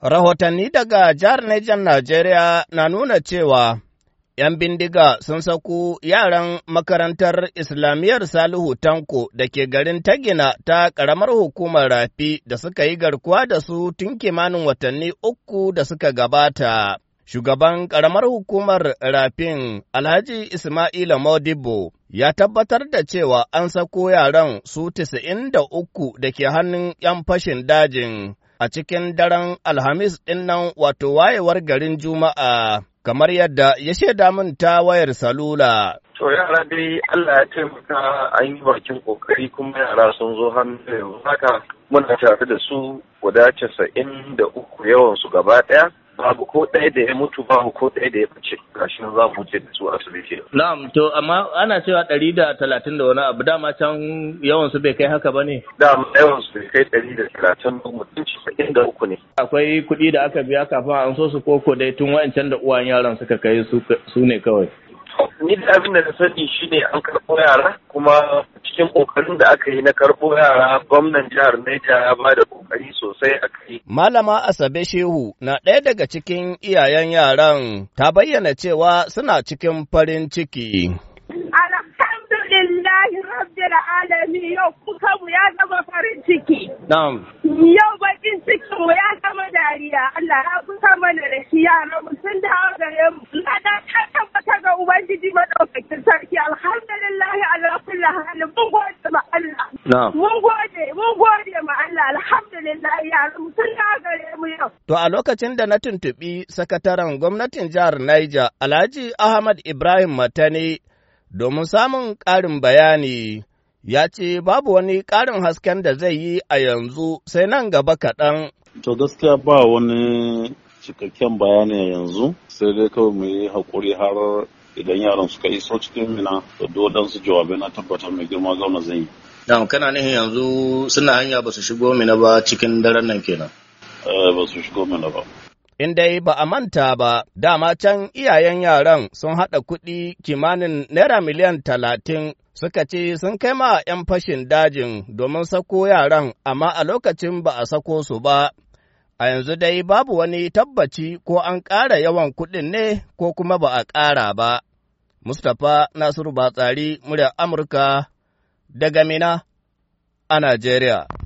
Rahotanni daga jihar Nijar Najeriya na nuna cewa ‘yan bindiga sun saku yaran makarantar Islamiyar Salihu Tanko da ke garin Tagina ta ƙaramar hukumar Rafi da suka yi garkuwa da su tun kimanin watanni uku da suka gabata. Shugaban ƙaramar hukumar Rafin Alhaji Ismaila Modibo ya tabbatar da cewa an sako yaran su 93 da ke hannun ‘yan fashin dajin. a cikin daren Alhamis ɗin nan wato wayewar garin Juma'a kamar yadda ya shaida min ta wayar salula. To yara dai Allah ya taimaka an yi bakin kokari kuma yara sun zo hannu yanzu haka muna tare da su guda casa'in da uku yawan su gaba ɗaya. babu ko ɗaya da ya mutu babu ko ɗaya da ya fice gashi nan za mu je da su asibiti. Na'am to amma ana cewa ɗari da talatin da wani abu dama can yawan su bai kai haka ba ne? Dama yawan su bai kai ɗari da talatin da mutum casa'in da uku ne. Akwai kuɗi da aka biya kafin an so su koko dai tun wa'ancan da uwan yaran suka kai su ne kawai. ni da abin da na sani shine an karɓo yara kuma cikin ƙoƙarin da aka yi na karɓo yara gwamnan jihar Neja ya ba da ƙoƙari sosai a kai. Malama Asabe Shehu na ɗaya daga cikin iyayen yaran ta bayyana cewa suna cikin farin ciki. Alhamdulillahi rabbil alami yau kuka mu ya zama farin ciki. Yau bakin cikin mu ya zama dariya Allah ya kusa mana da shi yaran mu Allah. Mun gode, gare mu yau. To a lokacin da na tuntuɓi sakataren gwamnatin jihar Niger Alhaji Ahmad Ibrahim Matani domin samun ƙarin bayani ya ce babu wani ƙarin hasken da zai yi a yanzu sai nan gaba kaɗan. To gaskiya ba wani cikakken bayani yanzu sai dai kawai mu yi haƙuri har idan yaron suka iso cikin mina da su jawabai na tabbatar mai girma zauna zan yi Na'am kana nihin yanzu suna hanya ba su shigo mina ba cikin daren nan kenan. Eh, ba su shigo mina ba. In dai ba a manta ba, dama can iyayen yaran sun haɗa kuɗi kimanin naira miliyan talatin suka ce sun kai ma 'yan fashin dajin domin sako yaran amma a lokacin ba a sako su ba. A yanzu dai babu wani tabbaci ko an ƙara yawan kuɗin ne ko kuma ba a ƙara ba. Mustapha Nasiru Batsari, muryar Amurka daga Mina a Najeriya.